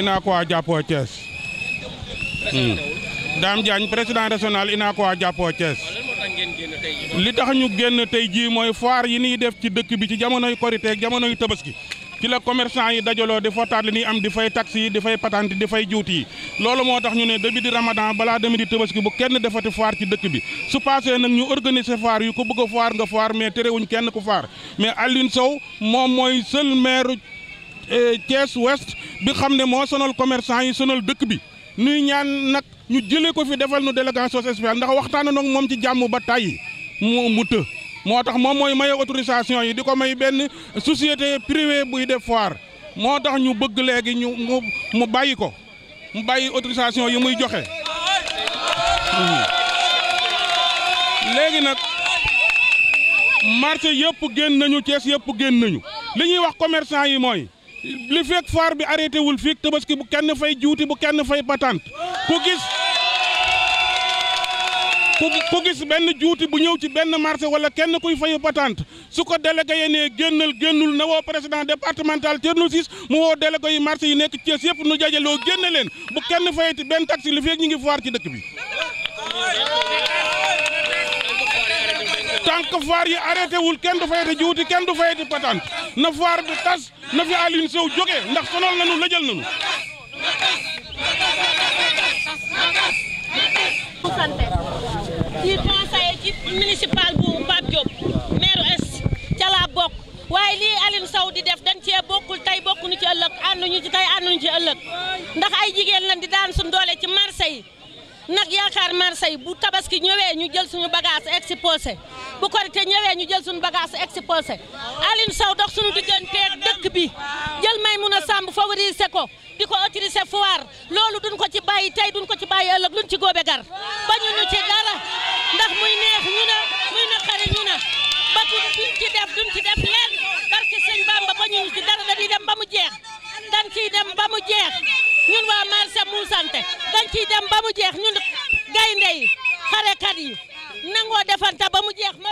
Unacois Jàppoo Thiès hmm. Dame Diagne président régional Unacois Jàppoo Thiès li tax ñu génn tey jii mooy foire yi ñuy def ci dëkk bi ci jamonoy korite ak jamonoy tabaski ci la commerçant yi dajaloo di fotaat li ñuy am di fay taxes yi di fay patente di fay juut yi loolu moo tax ñu ne début di ramadan balaa demi di tabaski bu kenn defati foire ci dëkk bi su passé nag ñu organiser foire yu ko bëgg a foire nga foire mais terewuñ kenn ku foire mais Alioune Sow moom mooy seul maire euh, Thiès Ouest bi xam ne moo sonal commerçant yi sonal dëkk bi nuy ñaan nag ñu jëlee ko fi defal nu délégation spéciale ndax waxtaan nag moom ci jàmm ba tàyyi mu mu të moo tax moom mooy maye autorisation yi di ko may benn société privée buy def foire moo tax ñu bëgg léegi ñu mu mu bàyyi ko mu bàyyi autorisation yi muy joxe léegi nag marché yëpp génn nañu Thiès yëpp génn nañu li ñuy wax commerçant yi mooy li fekk bi arrêté wul fii tabaski bu kenn fay juuti bu kenn fay patante ku gis ku gis benn juuti bu ñëw ci benn marché wala kenn kuy fayu patante su ko délégué yi nee génnal génnul na woo président départemental Thierno Ciss mu woo délégué yi marché yi nekk Thiès yëpp nu jajaloo génne leen bu kenn fayati benn taxi li fekk ñu ngi faar ci dëkk bi tant que yi arrêté wul kenn du fayati juuti kenn du fayati patante na foire bi tas na fi Alioune Sow jógee ndax sonal nañu lëjal nañu. di conseiller ci municipal bu Pape Diop maire est ca laa bokk waaye lii Alioune Sow di def ci cee bokkul tay bokkuñu ci ëllëg ànduñu ci tey ànduñu ci ëllëg ndax ay jigéen lañ di daan suñ doole ci marché yi nag yaakaar marché yi bu tabaski ñëwee ñu jël suñu bagage exposé bu korite ñëwee ñu jël suñu bagage exposé Aline Sow dox suñu digganteeg dëkk bi jël Maimouna Samb favoriser ko di ko autoriser foire loolu duñ ko ci bàyyi tey duñ ko ci bàyyi ëllëg luñ ci góobe gar bañu ci dara ndax muy neex ñu muy naqari ñu na ba duñ ci def duñ ci def leen barke sëñ Bamba bañu ñu ci dara dañuy dem ba mu jeex dañ ciy dem ba mu jeex ñun waa marché Moussante dañ ciy dem ba mu jeex ñun gaynde yi xarekat yi nangoo defanta ba mu jeex